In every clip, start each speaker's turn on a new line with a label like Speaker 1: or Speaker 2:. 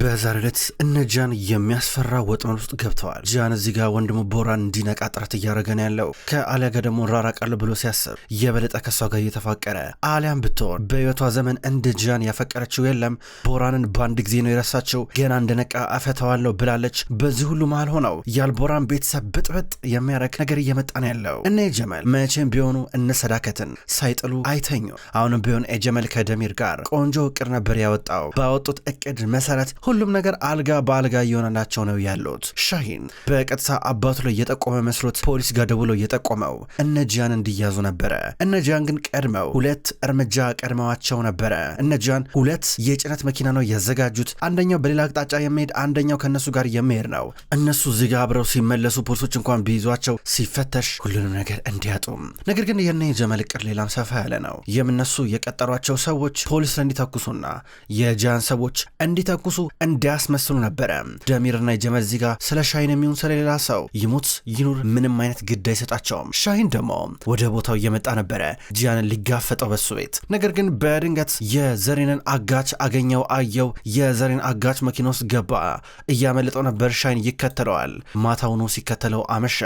Speaker 1: በዛሬ ዕለት እነ ጃን የሚያስፈራ ወጥመድ ውስጥ ገብተዋል። ጃን እዚህ ጋር ወንድሙ ቦራን እንዲነቃ ጥረት እያደረገ ነው ያለው። ከአሊያ ጋር ደግሞ ራራቃለሁ ብሎ ሲያስብ የበለጠ ከሷ ጋር እየተፋቀረ አሊያም ብትሆን በህይወቷ ዘመን እንደ ጃን ያፈቀረችው የለም። ቦራንን በአንድ ጊዜ ነው የረሳችው። ገና እንደነቃ አፈተዋለሁ ብላለች። በዚህ ሁሉ መሃል ሆነው ያልቦራን ቤተሰብ ብጥብጥ የሚያደርግ ነገር እየመጣ ነው ያለው። እነ ጀመል መቼም ቢሆኑ እነ ሰዳከትን ሳይጥሉ አይተኙ። አሁንም ቢሆን ኤጀመል ከደሚር ጋር ቆንጆ እቅድ ነበር ያወጣው። ባወጡት እቅድ መሰረት ሁሉም ነገር አልጋ በአልጋ እየሆነላቸው ነው ያሉት። ሻሂን በቀጥታ አባቱ ላይ የጠቆመ መስሎት ፖሊስ ጋር ደውሎ የጠቆመው እነ ጂያን እንዲያዙ ነበረ። እነ ጂያን ግን ቀድመው ሁለት እርምጃ ቀድመዋቸው ነበረ። እነ ጂያን ሁለት የጭነት መኪና ነው ያዘጋጁት። አንደኛው በሌላ አቅጣጫ የሚሄድ አንደኛው ከእነሱ ጋር የሚሄድ ነው። እነሱ ዚጋ አብረው ሲመለሱ ፖሊሶች እንኳን ቢይዟቸው ሲፈተሽ ሁሉንም ነገር እንዲያጡም ነገር ግን ይህን የጀመል ሌላም ሰፋ ያለ ነው የምነሱ የቀጠሯቸው ሰዎች ፖሊስ እንዲተኩሱና የጃን ሰዎች እንዲተኩሱ እንዲያስመስሉ ነበረ። ደሚርና የጀመል ዚጋ ስለ ሻሂን የሚሆን ስለሌላ ሰው ይሙት ይኑር ምንም አይነት ግድ አይሰጣቸውም። ሻሂን ደግሞ ወደ ቦታው እየመጣ ነበረ ጂያንን ሊጋፈጠው በሱ ቤት። ነገር ግን በድንገት የዘሬንን አጋች አገኘው። አየው የዘሬን አጋች መኪና ውስጥ ገባ። እያመለጠው ነበር። ሻሂን ይከተለዋል። ማታውኑ ሲከተለው አመሸ።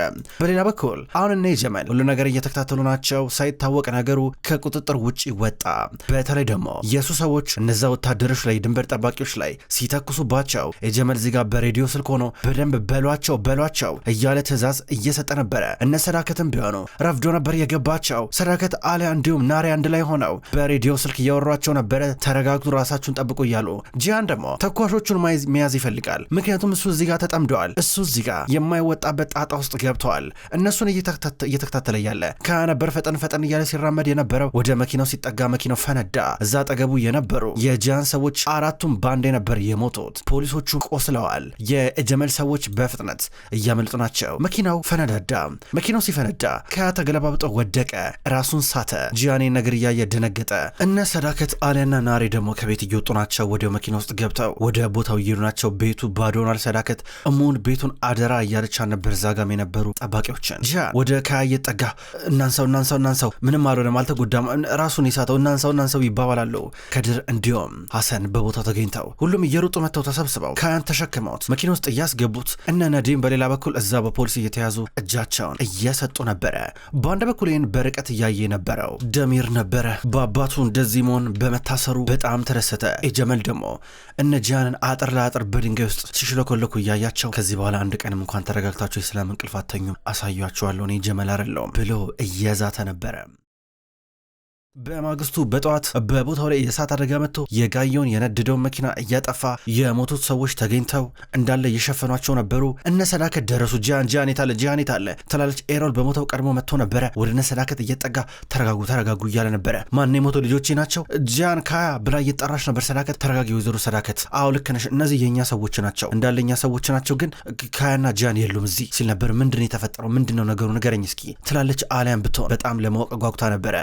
Speaker 1: በሌላ በኩል አሁን እነ ሁሉ ነገር እየተከታተሉ ናቸው። ሳይታወቅ ነገሩ ከቁጥጥር ውጭ ወጣ። በተለይ ደግሞ የእሱ ሰዎች እነዛ ወታደሮች ላይ ድንበር ጠባቂዎች ላይ ሲተ ባቸው የጀመል እዚህ በሬዲዮ ስልክ ሆኖ በደንብ በሏቸው በሏቸው እያለ ትእዛዝ እየሰጠ ነበረ። እነ ሰዳከትም ቢሆኑ ረፍዶ ነበር የገባቸው። ሰዳከት፣ አሊያ እንዲሁም ናሪ አንድ ላይ ሆነው በሬዲዮ ስልክ እያወሯቸው ነበረ። ተረጋግጡ፣ ራሳችሁን ጠብቁ እያሉ ጂያን ደግሞ ተኳሾቹን መያዝ ይፈልጋል። ምክንያቱም እሱ እዚህ ጋር ተጠምደዋል። እሱ እዚህ ጋር የማይወጣበት ጣጣ ውስጥ ገብተዋል። እነሱን እየተከታተለ ያለ ከነበር ፈጠን ፈጠን እያለ ሲራመድ የነበረው ወደ መኪናው ሲጠጋ መኪናው ፈነዳ። እዛ አጠገቡ የነበሩ የጂያን ሰዎች አራቱም ባንዴ ነበር የሞ የሞቱት። ፖሊሶቹ ቆስለዋል። የጀመል ሰዎች በፍጥነት እያመልጡ ናቸው። መኪናው ፈነዳዳ። መኪናው ሲፈነዳ ከተገለባብጦ ወደቀ፣ ራሱን ሳተ። ጂያኔ ነገር እያየ ደነገጠ። እነ ሰዳከት አሊያና ናሬ ደግሞ ከቤት እየወጡ ናቸው። ወደ መኪና ውስጥ ገብተው ወደ ቦታው እየሄዱ ናቸው። ቤቱ ባዶ ሆኗል። ሰዳከት እሙን ቤቱን አደራ እያለቻ ነበር። ዛጋም የነበሩ ጠባቂዎችን ጂያን ወደ ከያ ጠጋ። እናንሰው፣ እናንሰው፣ እናንሰው ምንም አልሆነም፣ አልተጎዳም፣ ራሱን የሳተው እናንሰው፣ እናንሰው ይባባላሉ። ከድር እንዲሁም ሀሰን በቦታው ተገኝተው ሁሉም እየ እየሮጡ መጥተው ተሰብስበው ካያን ተሸክመውት መኪና ውስጥ እያስገቡት እነ ነዲም በሌላ በኩል እዛ በፖሊስ እየተያዙ እጃቸውን እየሰጡ ነበረ። በአንድ በኩል ይህን በርቀት እያየ ነበረው ደሚር ነበረ። በአባቱ እንደዚህ መሆን በመታሰሩ በጣም ተደሰተ። የጀመል ደግሞ እነ ጃንን አጥር ለአጥር በድንጋይ ውስጥ ሲሽለኮለኩ እያያቸው ከዚህ በኋላ አንድ ቀንም እንኳን ተረጋግታችሁ የሰላም እንቅልፍ አተኙም አሳያችኋለሁ እኔ ጀመል አይደለሁም ብሎ እየዛተ ነበረ። በማግስቱ በጠዋት በቦታው ላይ የእሳት አደጋ መጥቶ የጋየውን የነደደውን መኪና እያጠፋ የሞቱት ሰዎች ተገኝተው እንዳለ እየሸፈኗቸው ነበሩ። እነ ሰዳከት ደረሱ። ጂያን ጂያን የታለ ጂያን የታለ ትላለች። ኤሮል በሞተው ቀድሞ መጥቶ ነበረ። ወደ እነ ሰዳከት እየጠጋ ተረጋጉ ተረጋጉ እያለ ነበረ። ማን የሞቱ ልጆቼ ናቸው ጂያን ካያ ብላ እየጠራች ነበር። ሰዳከት ተረጋጊ፣ ወይዘሮ ሰዳከት አዎ ልክ ነሽ፣ እነዚህ የእኛ ሰዎች ናቸው እንዳለ እኛ ሰዎች ናቸው፣ ግን ካያና ጂያን የሉም እዚህ ሲል ነበር። ምንድን የተፈጠረው ምንድን ነው ነገሩ ንገረኝ እስኪ ትላለች። አሊያን ብትሆን በጣም ለማወቅ ጓጉታ ነበረ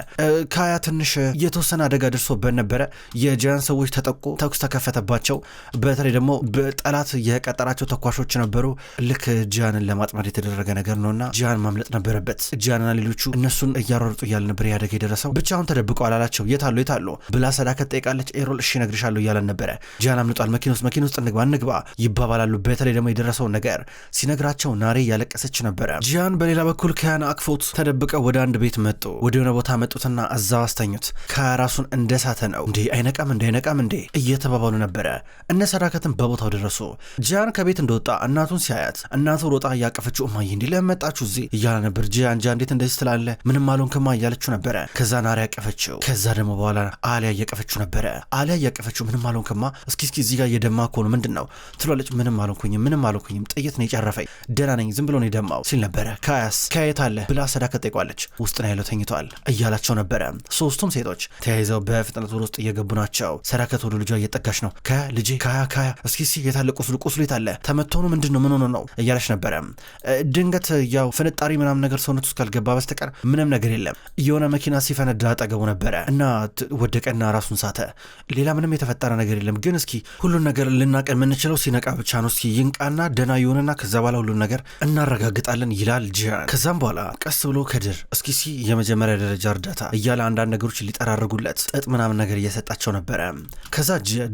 Speaker 1: ካያ ትንሽ የተወሰነ አደጋ ደርሶበት ነበረ። የጃን ሰዎች ተጠቁ፣ ተኩስ ተከፈተባቸው። በተለይ ደግሞ በጠላት የቀጠራቸው ተኳሾች ነበሩ። ልክ ጃንን ለማጥመድ የተደረገ ነገር ነውና ጃን ማምለጥ ነበረበት። ጃንና ሌሎቹ እነሱን እያሯርጡ እያለ ነበር ይህ አደጋ የደረሰው። ብቻውን ተደብቀው አላላቸው። የታሉ የታሉ ብላ ሰዳከት ጠይቃለች። ኤሮል እሺ እነግርሻለሁ እያለን ነበረ። ጃን አምልጧል። መኪና ውስጥ መኪና ውስጥ እንግባ እንግባ ይባባላሉ። በተለይ ደግሞ የደረሰውን ነገር ሲነግራቸው ናሬ እያለቀሰች ነበረ። ጃን በሌላ በኩል ከያን አቅፎት ተደብቀው ወደ አንድ ቤት መጡ። ወደ የሆነ ቦታ መጡትና እዛ ያስተኙት። ከራሱን እንደሳተ ነው እንዴ አይነቃም እንዴ አይነቃም እንዴ እየተባባሉ ነበረ። እነ ሰዳከትን በቦታው ደረሱ። ጂያን ከቤት እንደወጣ እናቱን ሲያያት እናቱ ሮጣ እያቀፈችው እማዬ እንዲ ለመጣችሁ እዚህ እያለ ነበር። ጂያን ጃ እንዴት እንደዚህ ትላለ ምንም አልሆንክማ እያለችው ነበረ። ከዛ ናሪ ያቀፈችው። ከዛ ደግሞ በኋላ አሊያ እያቀፈችው ነበረ። አሊያ እያቀፈችው ምንም አልሆንክማ እስኪ እስኪ እዚህ ጋር እየደማ ከሆኑ ምንድን ነው ትሏለች። ምንም አልሆንኩኝም ምንም አልሆንኩኝም ጥይት ነው የጨረፈኝ ደህና ነኝ ዝም ብሎ ነው የደማው ሲል ነበረ። ከያስ ከየት አለ ብላ ሰዳከት ጠይቋለች። ውስጥ ነው ያለው ተኝቷል እያላቸው ነበረ። ሶስቱም ሴቶች ተያይዘው በፍጥነት ወደ ውስጥ እየገቡ ናቸው። ሰራከት ወደ ልጇ እየጠጋች ነው። ልጄ፣ ካያ ካያ እስኪ ሲ የታለ ቁስሉ ቁስሉ የታለ ተመቶኑ ምንድን ነው ምን ሆኖ ነው እያለች ነበረ። ድንገት ያው ፍንጣሪ ምናምን ነገር ሰውነት ውስጥ ካልገባ በስተቀር ምንም ነገር የለም። የሆነ መኪና ሲፈነዳ አጠገቡ ነበረ እና ወደቀና ራሱን ሳተ። ሌላ ምንም የተፈጠረ ነገር የለም። ግን እስኪ ሁሉን ነገር ልናቀ የምንችለው ሲነቃ ብቻ ነው። እስኪ ይንቃና ደና ይሆንና ከዛ በኋላ ሁሉን ነገር እናረጋግጣለን ይላል ጂያን። ከዛም በኋላ ቀስ ብሎ ከድር እስኪ ሲ የመጀመሪያ ደረጃ እርዳታ እያለ አንዳንድ አንዳንድ ነገሮች ሊጠራርጉለት ጥጥ ምናምን ነገር እየሰጣቸው ነበረ። ከዛ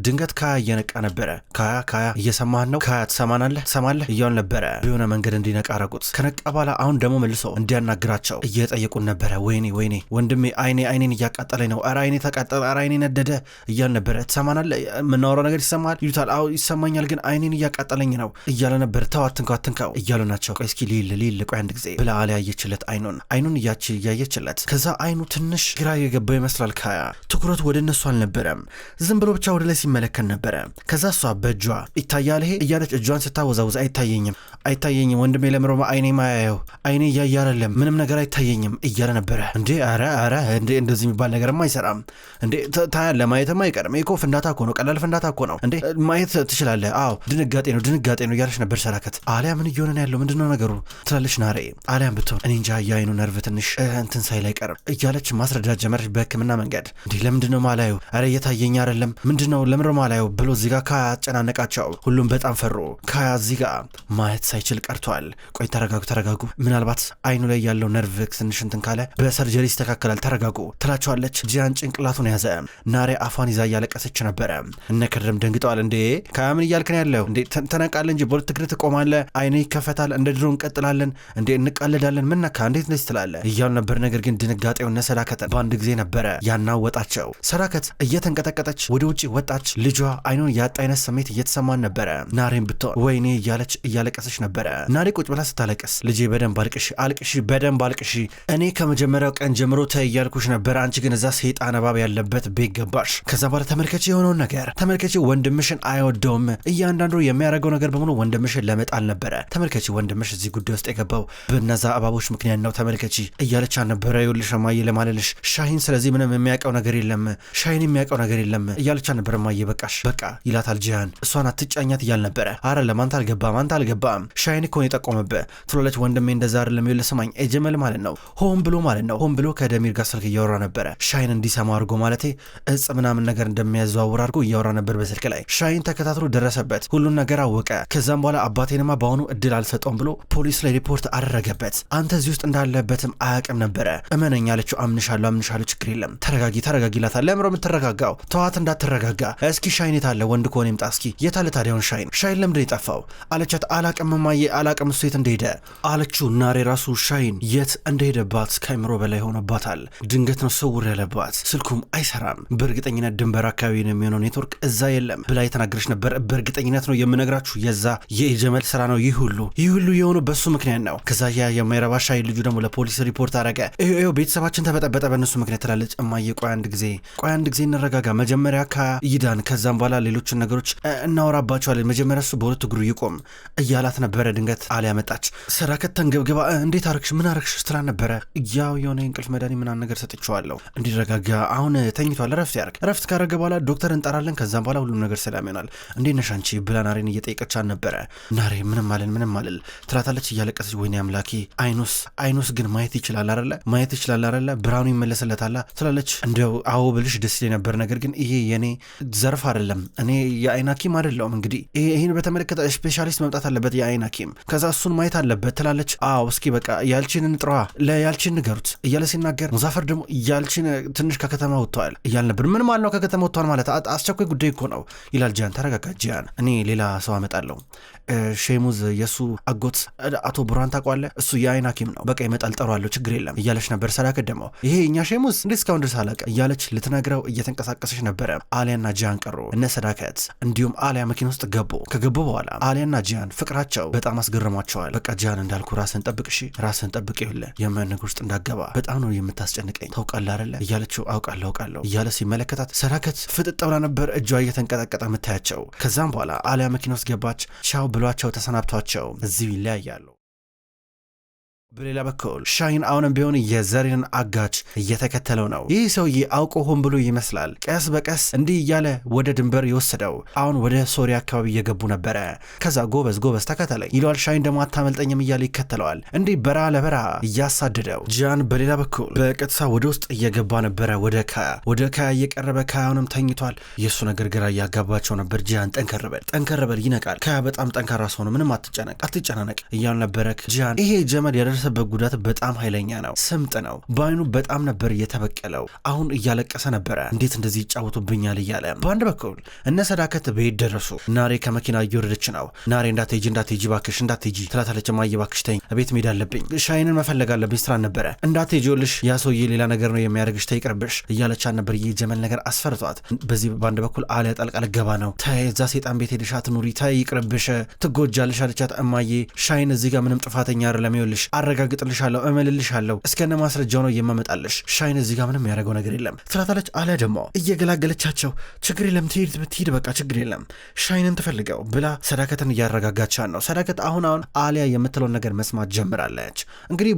Speaker 1: ድንገት ካያ እየነቃ ነበረ። ካያ ካያ እየሰማህን ነው ካያ ትሰማናለህ ትሰማለህ እያውን ነበረ። የሆነ መንገድ እንዲነቃ አረጉት። ከነቃ በኋላ አሁን ደግሞ መልሶ እንዲያናግራቸው እየጠየቁን ነበረ። ወይኔ ወይኔ ወንድሜ አይኔ አይኔን እያቃጠለኝ ነው፣ ኧረ አይኔ ተቃጠለ፣ ኧረ አይኔ ነደደ እያል ነበረ። ትሰማናለህ የምናወራው ነገር ይሰማል ይሉታል። አዎ ይሰማኛል፣ ግን አይኔን እያቃጠለኝ ነው እያለ ነበር። ተው አትንካው አትንካው እያሉ ናቸው። ቆይ እስኪ ሊል ሊል ቆይ አንድ ጊዜ ብላ ያየችለት አይኑን አይኑን እያች እያየችለት ከዛ አይኑ ትንሽ ግራ የገባ ይመስላል ካያ። ትኩረት ወደ እነሱ አልነበረም። ዝም ብሎ ብቻ ወደ ላይ ሲመለከት ነበረ። ከዛ እሷ በእጇ ይታያል ይሄ እያለች እጇን ስታወዛውዝ አይታየኝም፣ አይታየኝም ወንድሜ ለምሮ አይኔ ማያየው አይኔ እያየ አይደለም ምንም ነገር አይታየኝም እያለ ነበረ። እንዴ አረ አረ እንዴ እንደዚህ የሚባል ነገርም አይሰራም እንዴ ታያለ። ማየትም አይቀርም ይኮ ፍንዳታ እኮ ነው፣ ቀላል ፍንዳታ እኮ ነው እንዴ ማየት ትችላለህ። አዎ ድንጋጤ ነው፣ ድንጋጤ ነው እያለች ነበር ሰላከት። አሊያ ምን እየሆነ ነው ያለው ምንድነው ነገሩ ትላለች ናሬ። አሊያም ብትሆን እኔ እንጃ የአይኑ ነርቭ ትንሽ እንትን ሳይል አይቀርም እያለች ማስረዳት ሲጀመር በህክምና መንገድ እንዲህ ለምንድን ነው ማላዩ? አረ እየታየኝ አይደለም ምንድን ነው ለምንድን ነው ማላዩ ብሎ እዚህ ጋር ካያ አጨናነቃቸው። ሁሉም በጣም ፈሩ። ካያ እዚህ ጋር ማየት ሳይችል ቀርቷል። ቆይ ተረጋጉ፣ ተረጋጉ ምናልባት አይኑ ላይ ያለው ነርቭ ትንሽ እንትን ካለ በሰርጀሪ ይስተካከላል፣ ተረጋጉ ትላቸዋለች። ጂያን ጭንቅላቱን ያዘ። ናሬ አፏን ይዛ እያለቀሰች ነበረ። እነ ከድርም ደንግጠዋል። እንዴ ካያ ምን እያልክን ያለው? እንዴ ተነቃለ እንጂ በሁለት እግር ትቆማለ፣ አይነ ይከፈታል። እንደ ድሮ እንቀጥላለን እንዴ እንቃለዳለን። ምናካ እንዴት ነች ትላለ እያሉ ነበር። ነገር ግን ድንጋጤው ነሰላከተን በአንድ ጊዜ ነበረ ያናወጣቸው። ሰራከት እየተንቀጠቀጠች ወደ ውጭ ወጣች። ልጇ አይኑን ያጣ አይነት ስሜት እየተሰማን ነበረ። ናሬን ብትሆን ወይኔ እያለች እያለቀሰች ነበረ። ናሬ ቁጭ ብላ ስታለቅስ ልጄ በደንብ አልቅሺ፣ አልቅሺ፣ በደንብ አልቅሺ፣ እኔ ከመጀመሪያው ቀን ጀምሮ ተይ እያልኩሽ ነበረ። አንቺ ግን እዛ ሰይጣን እባብ ያለበት ቤት ገባሽ። ከዛ በኋላ ተመልከች የሆነውን ነገር ተመልከች። ወንድምሽን አይወደውም። እያንዳንዱ የሚያደርገው ነገር በሙሉ ወንድምሽን ለመጣል ነበረ። ተመልከች ወንድምሽ እዚህ ጉዳይ ውስጥ የገባው በነዛ እባቦች ምክንያት ነው። ተመልከች እያለች ነበረ። ይኸውልሽ እማዬ ለማለልሽ ሻ ሻሂን ስለዚህ ምንም የሚያውቀው ነገር የለም፣ ሻሂን የሚያውቀው ነገር የለም እያለቻ ነበር። እማዬ በቃሽ በቃ ይላታል ጂያን። እሷን አትጫኛት እያል ነበረ። አረ ለማንተ አልገባም፣ አንተ አልገባም፣ ሻሂን እኮ ነው የጠቆመብህ ትሎለች። ወንድሜ እንደዛ አይደለም ይኸውልህ፣ ስማኝ ኤጀመል ማለት ነው ሆን ብሎ ማለት ነው ሆን ብሎ ከደሚር ጋር ስልክ እያወራ ነበረ። ሻሂን እንዲሰማ አድርጎ ማለቴ እጽ ምናምን ነገር እንደሚያዘዋውር አድርጎ እያወራ ነበር በስልክ ላይ። ሻሂን ተከታትሎ ደረሰበት፣ ሁሉን ነገር አወቀ። ከዛም በኋላ አባቴንማ በአሁኑ እድል አልሰጠውም ብሎ ፖሊስ ላይ ሪፖርት አደረገበት። አንተ እዚህ ውስጥ እንዳለበትም አያውቅም ነበረ። እመነኛ አለችው። አምንሻለሁ አምንሻለሁ ካለ ችግር የለም ተረጋጊ ተረጋጊ ላታ ለምሮ የምትረጋጋው ተዋት እንዳትረጋጋ። እስኪ ሻይን የታለ ወንድ ከሆነ ይምጣ እስኪ የታለ ታዲያውን ሻይን ሻይን ለምንድን የጠፋው አለቻት። አላቅም እማዬ አላቅም እሱ የት እንደሄደ አለችው። ናሬ ራሱ ሻይን የት እንደሄደባት ከአእምሮ በላይ ሆኖባታል። ድንገት ነው ስውር ያለባት። ስልኩም አይሰራም። በእርግጠኝነት ድንበር አካባቢ ነው የሚሆነው ኔትወርክ እዛ የለም ብላ የተናገረች ነበር። በእርግጠኝነት ነው የምነግራችሁ የዛ የጀመል ስራ ነው ይህ ሁሉ ይህ ሁሉ የሆኑ በሱ ምክንያት ነው። ከዛ ያ የማይረባ ሻይን ልጁ ደግሞ ለፖሊስ ሪፖርት አረገ። ቤተሰባችን ተበጠበጠ በእነሱ ምክንያት ትላለች። እማዬ ቆይ አንድ ጊዜ ቆይ አንድ ጊዜ እንረጋጋ፣ መጀመሪያ ከይዳን ከዛም በኋላ ሌሎችን ነገሮች እናወራባቸዋለን። መጀመሪያ እሱ በሁለት እግሩ ይቆም እያላት ነበረ። ድንገት አሊያ መጣች። ሰራከት ተንገብግባ እንዴት አረግሽ ምን አረግሽ ስትላ ነበረ። ያው የሆነ የእንቅልፍ መድኃኒት ምናምን ነገር ሰጥቼዋለሁ እንዲረጋጋ፣ አሁን ተኝቷል፣ ረፍት ያርግ። ረፍት ካረገ በኋላ ዶክተር እንጠራለን፣ ከዛም በኋላ ሁሉም ነገር ሰላም ይሆናል። እንዴት ነሽ አንቺ ብላ ናሬን እየጠየቀች ነበረ። ናሬ ምንም አለን ምንም አልል ትላታለች እያለቀሰች። ወይኔ አምላኬ አይኑስ አይኑስ ግን ማየት ይችላል አለ ማየት ይችላል አለ ብርሃኑ ይመለስለታል ታላ ስላለች እንደው አዎ ብልሽ ደስ ይለኝ ነበር፣ ነገር ግን ይሄ የኔ ዘርፍ አይደለም። እኔ የአይን ሐኪም አይደለሁም። እንግዲህ ይህን በተመለከተ ስፔሻሊስት መምጣት አለበት፣ የአይን ሐኪም ከዛ እሱን ማየት አለበት ትላለች። አዎ እስኪ በቃ ያልችንን ጥሯዋ ለያልችን ንገሩት እያለ ሲናገር፣ ሙዛፈር ደግሞ ያልችን ትንሽ ከከተማ ወጥተዋል እያል ነበር። ምን ማለት ነው ከከተማ ወጥተዋል ማለት? አስቸኳይ ጉዳይ እኮ ነው ይላል ጂያን። ተረጋጋ ጂያን፣ እኔ ሌላ ሰው አመጣለሁ። ሼሙዝ የእሱ አጎት አቶ ቡራን ታውቀዋለህ? እሱ የአይን ሐኪም ነው። በቃ ይመጣል፣ ጠሯዋለሁ፣ ችግር የለም እያለች ነበር። ሰላ ከደመው ይሄ እኛ ሼሙዝ ሐሙስ እንዴት እስካሁን ድረስ አላቀ እያለች ልትነግረው እየተንቀሳቀሰች ነበረ። አሊያና ጂያን ቀሩ። እነ ሰዳከት እንዲሁም አሊያ መኪና ውስጥ ገቡ። ከገቡ በኋላ አሊያና ጂያን ፍቅራቸው በጣም አስገርሟቸዋል። በቃ ጂያን እንዳልኩ ራስን ጠብቅ፣ እሺ ራስን ጠብቅ፣ ይሁለ የምን ነገር ውስጥ እንዳገባ በጣም ነው የምታስጨንቀኝ ታውቃለህ አይደለ እያለችው አውቃለሁ አውቃለሁ እያለ ሲመለከታት ሰዳከት ፍጥጥ ብላ ነበር እጇ እየተንቀጠቀጠ የምታያቸው። ከዛም በኋላ አሊያ መኪና ውስጥ ገባች። ቻው ብሏቸው ተሰናብቷቸው እዚህ ይለያያሉ። በሌላ በኩል ሻይን አሁንም ቢሆን የዘሪን አጋች እየተከተለው ነው። ይህ ሰውዬ አውቆ ሆን ብሎ ይመስላል ቀስ በቀስ እንዲህ እያለ ወደ ድንበር የወሰደው። አሁን ወደ ሶሪያ አካባቢ እየገቡ ነበረ። ከዛ ጎበዝ ጎበዝ ተከተለኝ ይለዋል። ሻይን ደግሞ አታመልጠኝም እያለ ይከተለዋል። እንዲህ በረሃ ለበረሃ እያሳደደው። ጂያን በሌላ በኩል በቀጥታ ወደ ውስጥ እየገባ ነበረ። ወደ ካያ ወደ ካያ እየቀረበ ካያውንም ተኝቷል። የእሱ ነገር ግራ እያጋባቸው ነበር። ጂያን ጠንከርበል ጠንከርበል ይነቃል። ካያ በጣም ጠንካራ ሰው ነው፣ ምንም አትጨነቅ አትጨናነቅ እያሉ ነበረ ጂያን ይሄ ጀመድ የደረሰበት ጉዳት በጣም ኃይለኛ ነው፣ ስምጥ ነው። በአይኑ በጣም ነበር እየተበቀለው። አሁን እያለቀሰ ነበረ፣ እንዴት እንደዚህ ይጫወቱብኛል እያለ። በአንድ በኩል እነ ሰዳከት ቤት ደረሱ። ናሬ ከመኪና እየወረደች ነው። ናሬ እንዳትሄጂ፣ እንዳትሄጂ ባክሽ፣ እንዳትሄጂ ትላታለች። ማየ ባክሽ ተይኝ፣ ቤት መሄድ አለብኝ፣ ሻይንን መፈለግ አለብኝ፣ ስራ ነበረ። እንዳትሄጂ፣ ይኸውልሽ ያ ሰውዬ ሌላ ነገር ነው የሚያደርግሽ፣ ተይቅርብሽ ይቅርብሽ እያለቻ ነበር። ጀመል ነገር አስፈርቷት፣ በዚህ በአንድ በኩል አለ ጠልቃ ልገባ ነው። ተይ እዛ ሴጣን ቤት ሄደሻት ኑሪ፣ ተይ ይቅርብሽ፣ ትጎጃለሽ አለቻት። እማዬ ሻይን እዚህ ጋር ምንም ጥፋተኛ አይደለም፣ ይኸውልሽ አረጋግጥልሻለሁ፣ እምልልሻለሁ እስከነ ማስረጃው ነው የማመጣልሽ። ሻይን እዚህ ጋር ምንም ያደረገው ነገር የለም ትላታለች። አለ ደግሞ እየገላገለቻቸው ችግር የለም ትሄድ ትሄድ በቃ ችግር የለም ሻይንን ትፈልገው ብላ ሰዳከትን እያረጋጋቻን ነው። ሰዳከት አሁን አሁን አሊያ የምትለውን ነገር መስማት ጀምራለች። እንግዲህ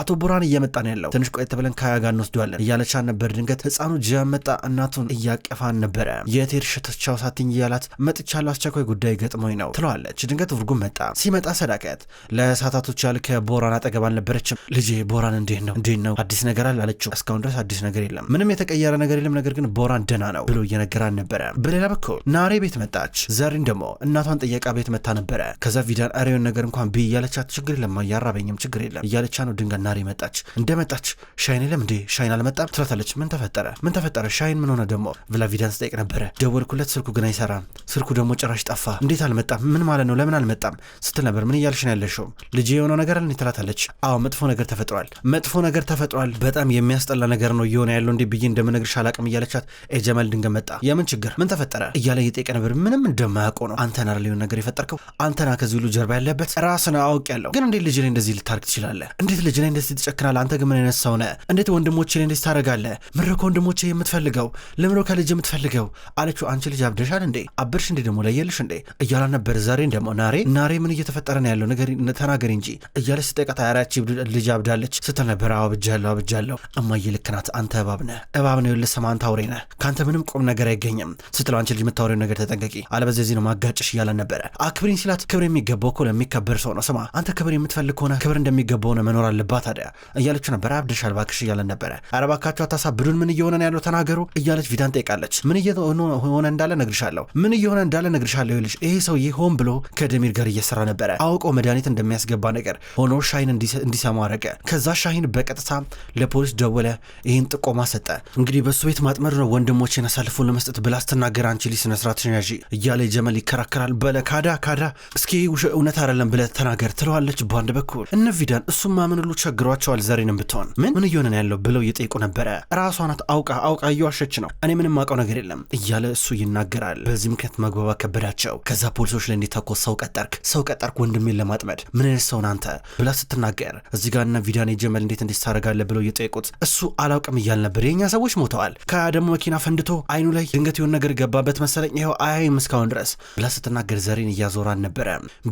Speaker 1: አቶ ቡራን እየመጣ ነው ያለው ትንሽ ቆየት ብለን ከሀያ ጋር እንወስደዋለን እያለቻን ነበር። ድንገት ህፃኑ ጀመጣ እናቱን እያቀፋን ነበረ። የቴር ሽትቻው ሳትኝ እያላት መጥቻለሁ፣ አስቸኳይ ጉዳይ ገጥሞኝ ነው ትለዋለች። ድንገት ውርጉም መጣ። ሲመጣ ሰዳከት ለሳታቶች ያልከ ቦራን አጠገብ አጠገብ አልነበረችም። ልጄ ቦራን እንዴት ነው እንዴት ነው አዲስ ነገር አለ አለችው። እስካሁን ድረስ አዲስ ነገር የለም፣ ምንም የተቀየረ ነገር የለም፣ ነገር ግን ቦራን ደና ነው ብሎ እየነገራን ነበረ። በሌላ በኩል ናሬ ቤት መጣች። ዘሪን ደግሞ እናቷን ጠየቃ ቤት መታ ነበረ። ከዛ ቪዳን አሬዮን ነገር እንኳን ብ እያለቻት ችግር የለም እያራበኝም ችግር የለም እያለቻ ነው። ድንገት ናሬ መጣች። እንደመጣች ሻይን የለም እንዴ ሻይን አልመጣም ትላታለች። ምን ተፈጠረ ምን ተፈጠረ ሻይን ምን ሆነ ደግሞ ብላ ቪዳን ስጠይቅ ነበረ። ደወልኩለት ስልኩ ግን አይሰራም፣ ስልኩ ደግሞ ጭራሽ ጠፋ። እንዴት አልመጣም ምን ማለት ነው ለምን አልመጣም ስትል ነበር። ምን እያልሽ ነው ያለሽው የሆነው ነገር አለ ትላታለች። ሰዎች አዎ መጥፎ ነገር ተፈጥሯል፣ መጥፎ ነገር ተፈጥሯል። በጣም የሚያስጠላ ነገር ነው እየሆነ ያለው። እንዴ ብዬ እንደምነግርሽ አላቅም እያለቻት ጀመል ድንገ መጣ። የምን ችግር ምን ተፈጠረ እያለ እየጠየቀ ነበር። ምንም እንደማያውቀው ነው። አንተና ሊሆን ነገር የፈጠርከው አንተና ከዚህ ሁሉ ጀርባ ያለበት ራስን አውቅ ያለው ግን እንዴት ልጅ ላይ እንደዚህ ልታርግ ትችላለህ? እንዴት ልጅ ላይ እንደዚህ ትጨክናለህ? አንተ ግን ምን አይነት ሰው ነህ? እንዴት ወንድሞቼ ላይ እንደዚህ ታደርጋለህ? ምሮ ከወንድሞቼ የምትፈልገው ለምሮ ከልጅ የምትፈልገው አለችው። አንቺ ልጅ አብደሻል እንዴ አብርሽ እንዴ ደግሞ ለየልሽ እንዴ እያላ ነበር። ዛሬ ደግሞ ናሬ ናሬ ምን እየተፈጠረ ነው ያለው ነገር ተናገሪ እንጂ እያለች ስጠቀታ ባሪያቺ ልጅ አብዳለች ስትል ነበር። አብጃለሁ አብጃለሁ እማዬ ልክ ናት። አንተ እባብ ነህ እባብ ነው የለ ሰማንታ አውሬ ነህ። ከአንተ ምንም ቁም ነገር አይገኝም ስትለው አንቺ ልጅ የምታወሪው ነገር ተጠንቀቂ፣ አለበዚያ እዚህ ነው ማጋጭሽ እያለን ነበረ። አክብሪኝ ሲላት ክብር የሚገባው እኮ ለሚከበር ሰው ነው። ስማ አንተ ክብር የምትፈልግ ከሆነ ክብር እንደሚገባው ሆነ መኖር አለባት አደ እያለችው ነበረ። አብደሻል እባክሽ እያለን ነበረ። ኧረ እባካችሁ አታሳብዱን፣ ምን እየሆነ ያለው ተናገሩ እያለች ቪዳን ጠይቃለች። ምን እየሆነ እንዳለ ነግርሻለሁ፣ ምን እየሆነ እንዳለ ነግርሻለሁ። ይልሽ ይሄ ሰውዬ ሆን ብሎ ከደሚር ጋር እየሰራ ነበረ አውቀው መድኃኒት እንደሚያስገባ ነገር ሆኖ ሻይን እንዲ እንዲሰማ አረገ። ከዛ ሻሂን በቀጥታ ለፖሊስ ደወለ፣ ይህን ጥቆማ ሰጠ። እንግዲህ በእሱ ቤት ማጥመድ ነው ወንድሞቼን አሳልፎን ለመስጠት ብላ ስትናገር፣ አንቺ ልጅ ስነስርዓትሽን እያለ ጀመል ይከራከራል። በለ ካዳ ካዳ፣ እስኪ እውነት አይደለም ብለ ተናገር ትለዋለች። በአንድ በኩል እነ ቪዳን እሱም ማምን ሁሉ ቸግሯቸዋል። ዘሬንም ብትሆን ምን ምን እየሆነ ነው ያለው ብለው እየጠየቁ ነበረ። ራሷ ናት አውቃ አውቃ እየዋሸች ነው፣ እኔ ምንም አውቀው ነገር የለም እያለ እሱ ይናገራል። በዚህ ምክንያት መግባባት ከበዳቸው። ከዛ ፖሊሶች ላይ እንዲታኮስ ሰው ቀጠርክ ሰው ቀጠርክ ወንድሜን ለማጥመድ ምን አይነት ሰውን አንተ ብላ ስትና ተናገር። እዚህ ጋር እና ቪዳኔ ጀመል እንዴት እንዴት ታደርጋለህ ብለው እየጠየቁት እሱ አላውቅም እያል ነበር። የእኛ ሰዎች ሞተዋል። ከያ ደግሞ መኪና ፈንድቶ አይኑ ላይ ድንገት የሆነ ነገር ገባበት መሰለኝ፣ ይኸው አያይም እስካሁን ድረስ ብላ ስትናገር ዘሬን እያዞራን ነበረ።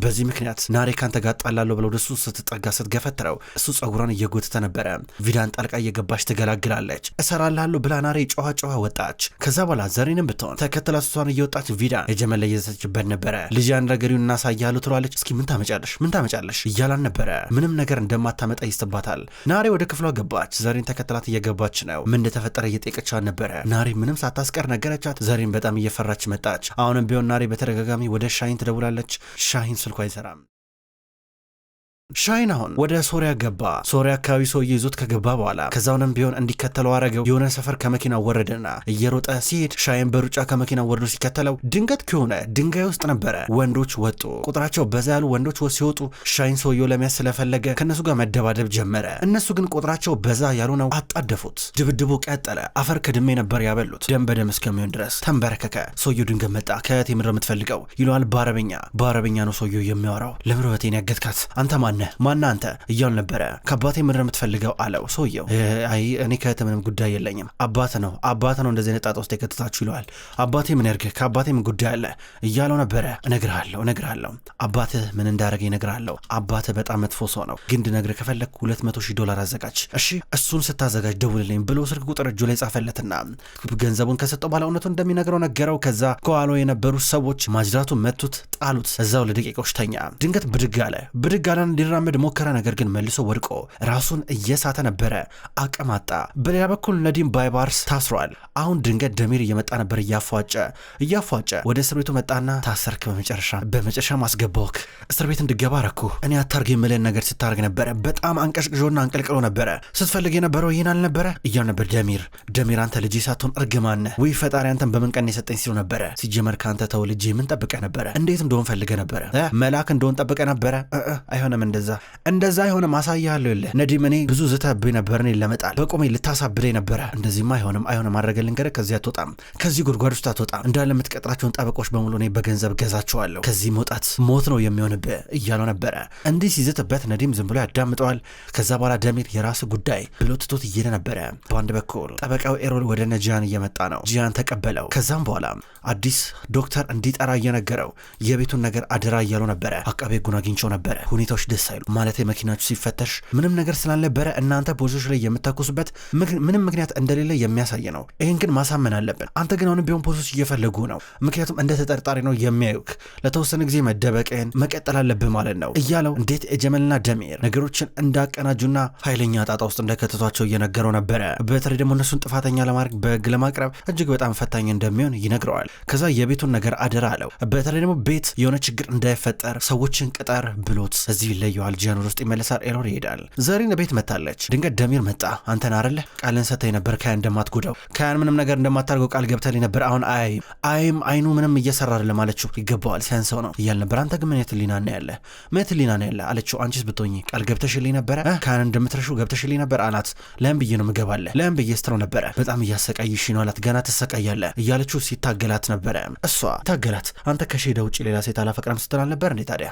Speaker 1: በዚህ ምክንያት ናሬካን ተጋጣላለሁ ብለው ወደሱ ስትጠጋ ስትገፈትረው እሱ ጸጉሯን እየጎተተ ነበረ። ቪዳን ጣልቃ እየገባች ትገላግላለች። እሰራላለሁ ብላ ናሬ ጨዋ ጨዋ ወጣች። ከዛ በኋላ ዘሬንም ብትሆን ተከትላ እሷን እየወጣች ቪዳን የጀመል ላይ እየዘተችበት ነበረ። ልጅ ያን ነገሪውን እናሳያሉ ትለዋለች። እስኪ ምን ታመጫለሽ? ምን ታመጫለሽ እያላን ነበረ ምንም ነገር እንደማታመጣ ይስትባታል። ናሬ ወደ ክፍሏ ገባች። ዘሬን ተከትላት እየገባች ነው። ምን እንደተፈጠረ እየጠየቀቻት ነበረ። ናሬ ምንም ሳታስቀር ነገረቻት። ዘሬን በጣም እየፈራች መጣች። አሁንም ቢሆን ናሬ በተደጋጋሚ ወደ ሻሂን ትደውላለች። ሻሂን ስልኩ አይሰራም። ሻይን አሁን ወደ ሶሪያ ገባ። ሶሪያ አካባቢ ሰውዬ ይዞት ከገባ በኋላ ከዛውንም ቢሆን እንዲከተለው አረገው። የሆነ ሰፈር ከመኪና ወረደና እየሮጠ ሲሄድ ሻይን በሩጫ ከመኪና ወርዶ ሲከተለው ድንገት ከሆነ ድንጋይ ውስጥ ነበረ። ወንዶች ወጡ። ቁጥራቸው በዛ ያሉ ወንዶች ሲወጡ ሻይን ሰውየው ለመያዝ ስለፈለገ ከእነሱ ጋር መደባደብ ጀመረ። እነሱ ግን ቁጥራቸው በዛ ያሉ ነው፣ አጣደፉት። ድብድቡ ቀጠለ። አፈር ከድሜ ነበር ያበሉት። ደም በደም እስከሚሆን ድረስ ተንበረከከ። ሰውየው ድንገት መጣ። ከእህቴ የምድር የምትፈልገው ይለዋል በአረበኛ። በአረበኛ ነው ሰውየው የሚያወራው። ለምርበቴን ያገትካት አንተ ማነ ማነህ ማናንተ እያሉ ነበረ። ከአባቴ ምድር የምትፈልገው አለው ሰውየው። አይ እኔ ከእህት ምንም ጉዳይ የለኝም። አባት ነው አባት ነው እንደዚህ ነጣጣ ውስጥ የከተታችሁ ይለዋል። አባቴ ምን ያርግህ? ከአባቴ ምን ጉዳይ አለ እያለው ነበረ። እነግርሃለሁ እነግርሃለሁ አባትህ ምን እንዳደረገ ይነግርሃለሁ። አባትህ በጣም መጥፎ ሰው ነው፣ ግን እንድነግርህ ከፈለግ ሁለት መቶ ሺህ ዶላር አዘጋጅ እሺ። እሱን ስታዘጋጅ ደውልልኝ ብሎ ስልክ ቁጥር እጁ ላይ ጻፈለትና ገንዘቡን ከሰጠው ባለ እውነቱን እንደሚነግረው ነገረው። ከዛ ከኋላ የነበሩ ሰዎች ማጅራቱን መቱት፣ ጣሉት። እዛው ለደቂቃዎች ተኛ። ድንገት ብድግ አለ ብድግ አለን ሊራመድ ሞከረ። ነገር ግን መልሶ ወድቆ ራሱን እየሳተ ነበረ። አቅም አጣ። በሌላ በኩል ነዲም ባይባርስ ታስሯል። አሁን ድንገት ደሚር እየመጣ ነበር፣ እያፏጨ እያፏጨ ወደ እስር ቤቱ መጣና ታሰርክ፣ በመጨረሻ በመጨረሻ አስገባውክ፣ እስር ቤት እንድገባ ረኩ። እኔ አታርግ የምልህን ነገር ስታርግ ነበረ። በጣም አንቀሽቅዦና አንቀልቅሎ ነበረ። ስትፈልግ የነበረው ይህን አልነበረ እያሉ ነበር። ደሚር ደሚር፣ አንተ ልጅ ሳትሆን እርግማነ ወይ ፈጣሪ አንተን በመንቀን የሰጠኝ ሲሉ ነበረ። ሲጀመር ከአንተ ተው ልጅ ምን ጠብቀ ነበረ? እንዴት እንደሆን ፈልገ ነበረ? መልአክ እንደሆን ጠብቀ ነበረ? አይሆነም እንደዛ እንደዛ የሆነ ማሳያ አለው የለ ነዲም፣ እኔ ብዙ ዝተብህ ነበር እኔን ለመጣል በቆሜ ልታሳብደ ነበረ። እንደዚህማ አይሆንም አይሆንም አድረገልን ገረ ከዚህ አትወጣም፣ ከዚህ ጉድጓድ ውስጥ አትወጣም። እንዳለ የምትቀጥራቸውን ጠበቆች በሙሉ እኔ በገንዘብ ገዛቸዋለሁ። ከዚህ መውጣት ሞት ነው የሚሆንብህ እያለው ነበረ። እንዲህ ሲዝትበት ነዲም ዝም ብሎ ያዳምጠዋል። ከዛ በኋላ ደሚር የራሱ ጉዳይ ብሎ ትቶት እየለ ነበረ። በአንድ በኩል ጠበቃው ኤሮል ወደ ነጂያን እየመጣ ነው። ጂያን ተቀበለው። ከዛም በኋላ አዲስ ዶክተር እንዲጠራ እየነገረው የቤቱን ነገር አደራ እያለው ነበረ። አቃቤ ሕጉን አግኝቸው ነበረ። ሁኔታዎች ደስ ደስ አይሉ ማለት መኪናችሁ ሲፈተሽ ምንም ነገር ስላለ በረ እናንተ ፖሊሶች ላይ የምታኮሱበት ምንም ምክንያት እንደሌለ የሚያሳይ ነው። ይህን ግን ማሳመን አለብን። አንተ ግን አሁንም ቢሆን ፖሊሶች እየፈለጉ ነው፣ ምክንያቱም እንደ ተጠርጣሪ ነው የሚያዩክ። ለተወሰነ ጊዜ መደበቅን መቀጠል አለብህ ማለት ነው እያለው እንዴት ጀመልና ደሜር ነገሮችን እንዳቀናጁና ኃይለኛ ጣጣ ውስጥ እንደከተቷቸው እየነገረው ነበረ። በተለይ ደግሞ እነሱን ጥፋተኛ ለማድረግ በህግ ለማቅረብ እጅግ በጣም ፈታኝ እንደሚሆን ይነግረዋል። ከዛ የቤቱን ነገር አደራ አለው። በተለይ ደግሞ ቤት የሆነ ችግር እንዳይፈጠር ሰዎችን ቅጠር ብሎት እዚህ ላይ ያየዋል። ጂያኖር ውስጥ ይመለሳል። ኤሎር ይሄዳል። ዘሪን ቤት መታለች። ድንገት ደሚር መጣ። አንተን አረለ ቃልን ሰተ ነበር ከያን እንደማትጎዳው ካያን ምንም ነገር እንደማታደርገው ቃል ገብተል ነበር። አሁን አይ አይም አይኑ ምንም እየሰራ አይደለም አለችው። ይገባዋል ሲያንሰው ነው እያል ነበር። አንተ ግን ምን የትሊና ነው ያለ ምን የትሊና ነው ያለ አለችው። አንቺስ ብትሆኚ ቃል ገብተሽልኝ ነበረ ካያን እንደምትረሹ ገብተሽልኝ ነበር አላት። ለምን ብዬ ነው ምገባለ ለምን ብዬ ስትለው ነበረ። በጣም እያሰቃይሽ ነው አላት። ገና ትሰቃያለ እያለችው ሲታገላት ነበረ። እሷ ታገላት። አንተ ከሼዳ ውጭ ሌላ ሴት አላፈቅረም ስትል አልነበር እንዴ ታዲያ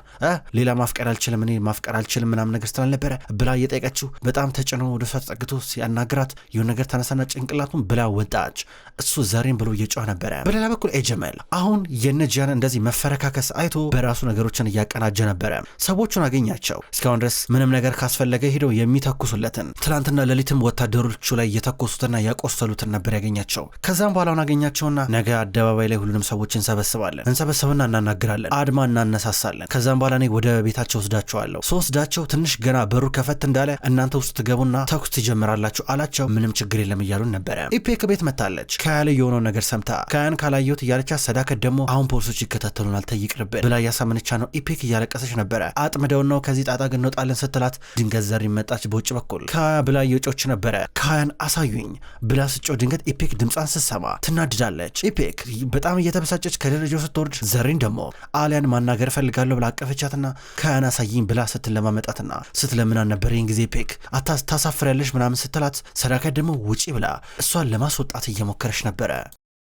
Speaker 1: ሌላ ማፍቀር አልችልም እኔ ማፍቀር አልችልም ምናምን ነገር ስላልነበረ ብላ እየጠየቀችው በጣም ተጭኖ ወደ እሷ ተጠግቶ ሲያናግራት የሆነ ነገር ተነሳና ጭንቅላቱን ብላ ወጣች። እሱ ዛሬን ብሎ እየጮኸ ነበረ። በሌላ በኩል ኤጀመል አሁን የነጃን እንደዚህ መፈረካከስ አይቶ በራሱ ነገሮችን እያቀናጀ ነበረ። ሰዎቹን አገኛቸው። እስካሁን ድረስ ምንም ነገር ካስፈለገ ሄደው የሚተኩሱለትን ትናንትና ሌሊትም ወታደሮቹ ላይ የተኮሱትና ያቆሰሉትን ነበር ያገኛቸው። ከዛም በኋላውን አገኛቸውና ነገ አደባባይ ላይ ሁሉንም ሰዎች እንሰበስባለን እንሰበስብና እናናግራለን፣ አድማ እናነሳሳለን። ከዛም በኋላ እኔ ወደ ቤታቸው ወስዳቸዋለሁ ስወስዳቸው ትንሽ ገና በሩ ከፈት እንዳለ እናንተ ውስጥ ትገቡና ተኩስ ትጀምራላችሁ አላቸው። ምንም ችግር የለም እያሉን ነበረ። ኢፔክ ቤት መታለች። ከያለ የሆነው ነገር ሰምታ ከያን ካላየሁት እያለቻ ሰዳከት ደግሞ አሁን ፖሊሶች ይከታተሉናል ተይቅርብን ብላ እያሳመነቻ ነው። ኢፔክ እያለቀሰች ነበረ። አጥምደውን ነው ከዚህ ጣጣ ግን እንወጣለን ስትላት ድንገት ዘሪ መጣች በውጭ በኩል ከያ ብላ እየጮች ነበረ። ከያን አሳዩኝ ብላ ስጮ ድንገት ኢፔክ ድምፃን ስትሰማ ትናድዳለች። ኢፔክ በጣም እየተበሳጨች ከደረጃው ስትወርድ ዘሪን ደግሞ አሊያን ማናገር እፈልጋለሁ ብላ አቀፈቻትና ከያን አሳይኝ ብላ ስትለማመጣትና ስትለምናን ነበር። ይህን ጊዜ ፔክ አታ ታሳፍሪያለሽ ምናምን ስትላት ሰዳካ ደግሞ ውጪ ብላ እሷን ለማስወጣት እየሞከረች ነበረ።